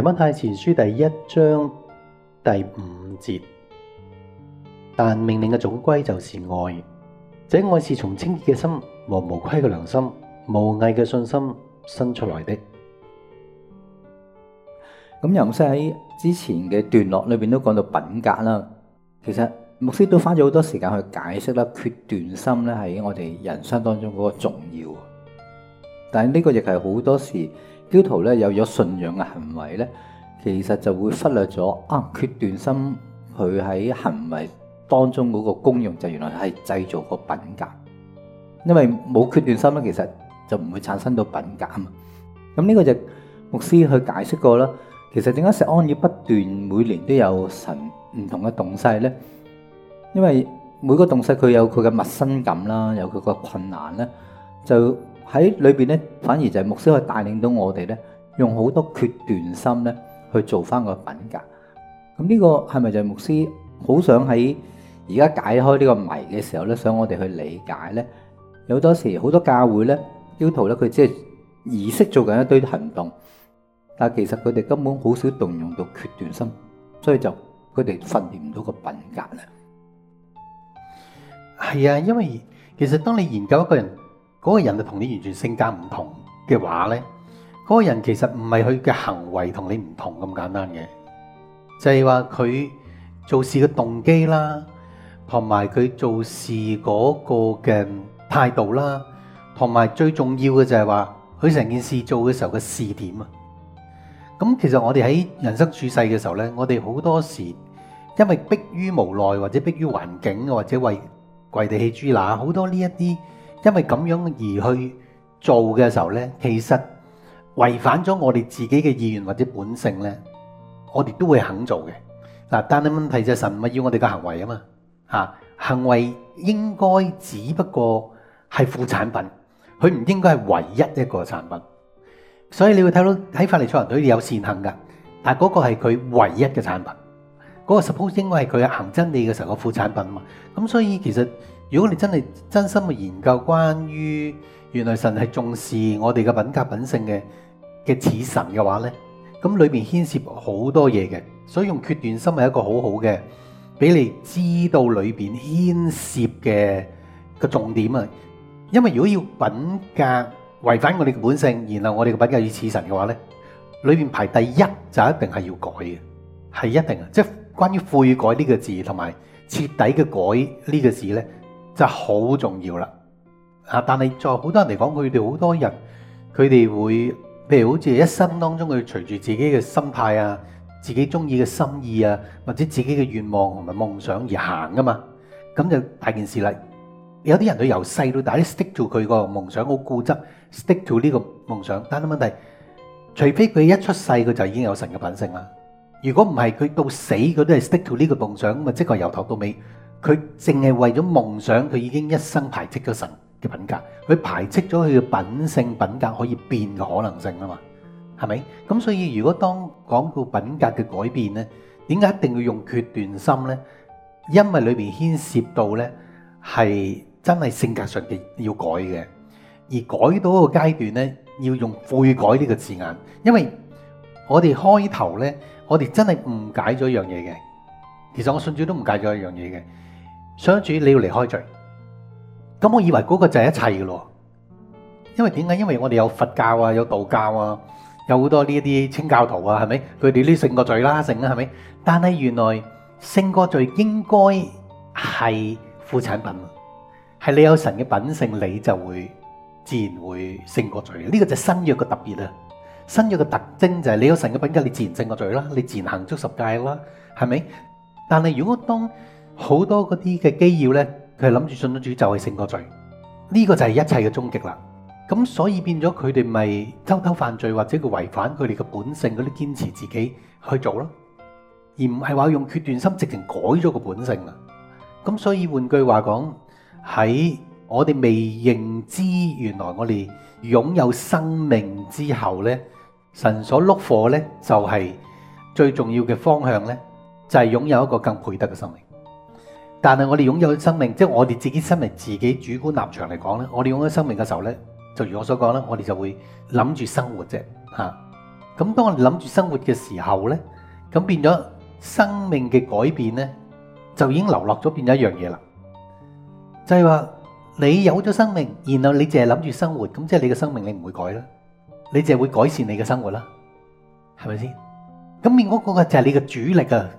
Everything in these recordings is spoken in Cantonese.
《提摩太前書》第一章第五節，但命令嘅總歸就是愛，這愛是從清潔嘅心和無虧嘅良心、無偽嘅信心生出來的。咁又唔識喺之前嘅段落裏邊都講到品格啦。其實牧師都花咗好多時間去解釋啦，決斷心咧，喺我哋人生當中嗰個重要。但係呢個亦係好多時。基督徒咧有咗信仰嘅行為咧，其實就會忽略咗啊，決斷心佢喺行為當中嗰個功用，就原來係製造個品格，因為冇決斷心咧，其實就唔會產生到品格啊。咁呢個就牧師去解釋過啦。其實點解石安要不斷每年都有神唔同嘅動勢咧？因為每個動勢佢有佢嘅陌生感啦，有佢個困難咧，就。喺裏邊咧，反而就係牧師去帶領到我哋咧，用好多決斷心咧去做翻個品格。咁呢個係咪就係牧師好想喺而家解開呢個謎嘅時候咧，想我哋去理解咧？有好多時，好多教會咧，要求咧，佢只係儀式做緊一堆行動，但係其實佢哋根本好少動用到決斷心，所以就佢哋訓練唔到個品格咧。係啊，因為其實當你研究一個人。嗰個人就同你完全性格唔同嘅話呢，嗰個人其實唔係佢嘅行為同你唔同咁簡單嘅，就係話佢做事嘅動機啦，同埋佢做事嗰個嘅態度啦，同埋最重要嘅就係話佢成件事做嘅時候嘅視點啊。咁其實我哋喺人生處世嘅時候呢，我哋好多時因為迫於無奈，或者迫於環境，或者為跪地起豬乸，好多呢一啲。因為咁樣而去做嘅時候咧，其實違反咗我哋自己嘅意願或者本性咧，我哋都會肯做嘅。嗱，但係問題就係神唔係要我哋嘅行為啊嘛，吓，行為應該只不過係副產品，佢唔應該係唯一一個產品。所以你會睇到喺法利賽人度你有善行噶，但係嗰個係佢唯一嘅產品，嗰個 suppose 應該係佢行真理嘅時候個副產品嘛。咁所以其實。如果你真係真心去研究，關於原來神係重視我哋嘅品格品性嘅嘅似神嘅話呢，咁裏面牽涉好多嘢嘅，所以用決斷心係一個好好嘅，俾你知道裏邊牽涉嘅個重點啊。因為如果要品格違反我哋嘅本性，然後我哋嘅品格要似神嘅話呢，裏面排第一就一定係要改嘅，係一定嘅。即係關於悔改呢個字，同埋徹底嘅改呢個字呢，就好重要啦，啊！但係在好多人嚟講，佢哋好多人，佢哋會譬如好似一生當中佢隨住自己嘅心態啊、自己中意嘅心意啊，或者自己嘅願望同埋夢想而行噶嘛，咁就大件事啦。有啲人佢由細到大，stick 住佢個夢想好固執，stick 住呢個夢想，但係問題，除非佢一出世佢就已經有神嘅品性啦，如果唔係佢到死佢都係 stick 住呢個夢想，咁啊即係由頭到尾。佢淨係為咗夢想，佢已經一生排斥咗神嘅品格，佢排斥咗佢嘅品性品格可以變嘅可能性啊嘛，係咪？咁所以如果當講到品格嘅改變呢，點解一定要用決斷心呢？因為裏面牽涉到呢係真係性格上嘅要改嘅，而改到一個階段呢要用悔改呢個字眼，因為我哋開頭呢，我哋真係誤解咗一樣嘢嘅，其實我信主都誤解咗一樣嘢嘅。想住你要離開罪，咁我以為嗰個就係一切嘅咯，因為點解？因為我哋有佛教啊，有道教啊，有好多呢一啲清教徒啊，係咪？佢哋呢勝過罪啦，勝啊，係咪？但係原來勝過罪應該係副產品，係你有神嘅品性，你就會自然會勝過罪。呢、這個就係新約嘅特別啦，新約嘅特徵就係你有神嘅品格，你自然勝過罪啦，你自然行足十誡啦，係咪？但係如果當好多嗰啲嘅基要呢，佢係諗住信咗主就係勝過罪，呢個就係一切嘅終極啦。咁所以變咗佢哋咪偷偷犯罪，或者佢違反佢哋嘅本性啲堅持自己去做咯，而唔係話用決斷心直情改咗個本性啊。咁所以換句話講，喺我哋未認知原來我哋擁有生命之後呢，神所碌貨呢，就係最重要嘅方向呢，就係擁有一個更配得嘅生命。但係我哋擁有生命，即係我哋自己生命自己主觀立場嚟講咧，我哋擁有生命嘅時候咧，就如我所講啦，我哋就會諗住生活啫。吓、啊，咁當我哋諗住生活嘅時候咧，咁變咗生命嘅改變咧，就已經流落咗變咗一樣嘢啦。就係話你有咗生命，然後你淨係諗住生活，咁即係你嘅生命你唔會改啦，你淨係會改善你嘅生活啦，係咪先？咁面嗰個就係你嘅主力啊，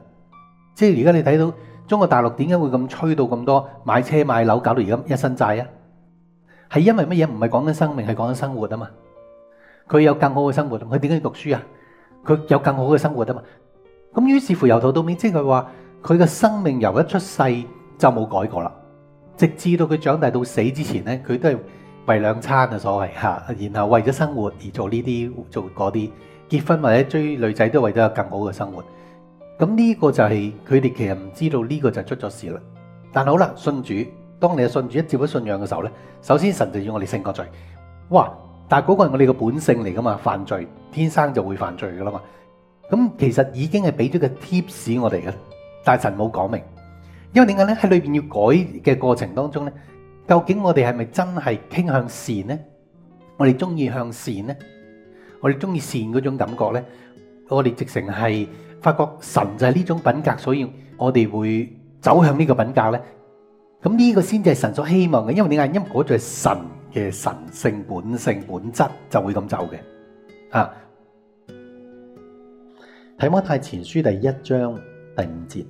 即係而家你睇到。中國大陸點解會咁吹到咁多買車買樓，搞到而家一身債啊？係因為乜嘢？唔係講緊生命，係講緊生活啊嘛。佢有更好嘅生活，佢點解要讀書啊？佢有更好嘅生活啊嘛。咁於是乎由頭到尾，即係話佢嘅生命由一出世就冇改過啦，直至到佢長大到死之前咧，佢都係為兩餐啊所謂嚇，然後為咗生活而做呢啲做嗰啲，結婚或者追女仔都為咗有更好嘅生活。咁呢個就係佢哋其實唔知道呢個就係出咗事啦。但好啦，信主，當你嘅信主一接咗信仰嘅時候咧，首先神就要我哋勝過罪。哇！但係嗰個係我哋嘅本性嚟噶嘛，犯罪天生就會犯罪噶啦嘛。咁其實已經係俾咗個貼士我哋嘅，但神冇講明，因為點解咧？喺裏邊要改嘅過程當中咧，究竟我哋係咪真係傾向善呢？我哋中意向善呢？我哋中意善嗰種感覺咧？我哋直情係。發覺神就係呢種品格，所以我哋會走向呢個品格咧。咁、這、呢個先至係神所希望嘅，因為你嗌，因果就係神嘅，神性本性本質就會咁走嘅。啊，提摩太前書第一章第五節，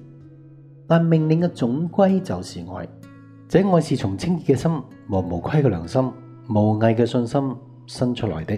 但命令嘅總歸就是愛，這愛是從清潔嘅心和無虧嘅良心、無偽嘅信心生出來的。